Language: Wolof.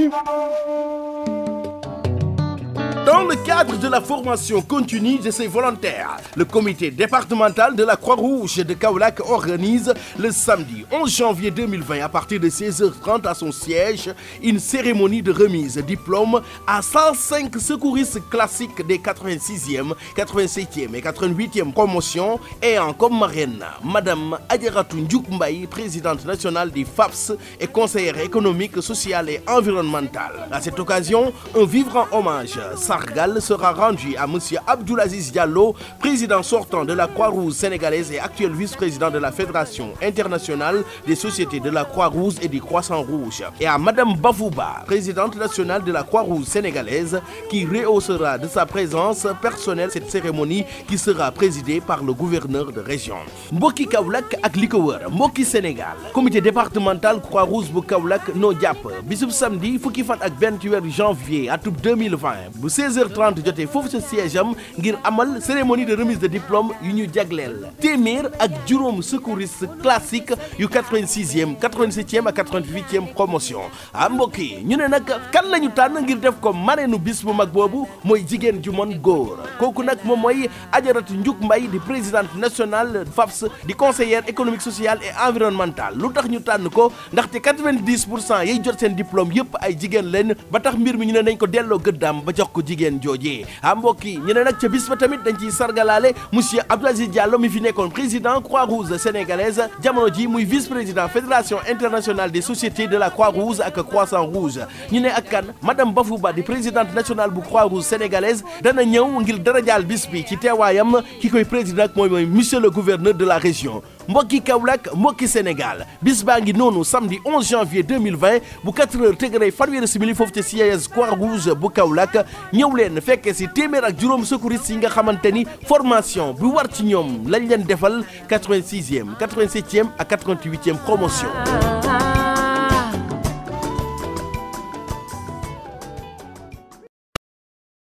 Hum. Dans le cadre de la formation continue de ces volontaires, le comité départemental de la Croix-Rouge de Kaolac organise le samedi 11 janvier 2020 à partir de 16h30 à son siège une cérémonie de remise diplôme à 105 secouristes classiques des 86e, 87e et 88e promotions et en comme marraine Madame Adiratou Ndiouk présidente nationale des FAPS et conseillère économique, sociale et environnementale. À cette occasion, un en hommage sera rendu à M. Abdoulaziz Diallo, président sortant de la Croix-Rouge sénégalaise et actuel vice-président de la Fédération internationale des sociétés de la Croix-Rouge et du Croissant-Rouge, et à Mme Bafouba, présidente nationale de la Croix-Rouge sénégalaise, qui rehaussera de sa présence personnelle cette cérémonie qui sera présidée par le gouverneur de région. Mboki Kaoulak ak Moki Sénégal comité départemental Croix-Rouge Nodiap. No Diap, jàpp samedi fukki ak janvier 2020 16h30 jotee fofu sa siège am ngir amal cérémonie de remise de diplôme yu ñu jagleel téeméer ak juroom secouriste classique yu 86e 87e ak 88e promotion am ah, mbokk ñu né nak kan lañu tan ngir def ko mareenu bis bu mag bobu moy jigen ju mon góor koku nak mom moy Ajaratu Ndiouk mbay di présidente nationale FAFS di conseillère économique sociale et environnementale lutax ñu tan ko ci 90 pour cent jot seen diplôme yépp ay jigen leen ba tax mbir mi ñu né nañ ko dello ba jox ko Amboki, jojé ah mbokk yi ñu ne nag tamit dañ ci sargalalé monsieur Abdou Diallo mi fi président Croix-Rouge sénégalaise jamono ji muy vice-président fédération internationale des sociétés de la Croix-Rouge et Croissant-Rouge ñu né ak kan madame Bafouba di présidente nationale bu Croix-Rouge sénégalaise dana ñëw ngir darajaal bis bi ci téwayam ki koy président moy monsieur le gouverneur de la région mbokki Kaoulak, mbokki Sénégal bis Nono, samedi 11 janvier 2020 bu 4 heures tegaray fanweeri simili foofu ci siège Croix Rouge bu Kaoulak, ñew leen fekke ci téeméer ak juroom secouriste yi nga xamanteni formation bu war ci lañ leen defal 86e 87e ak 88e promotion